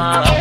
mama.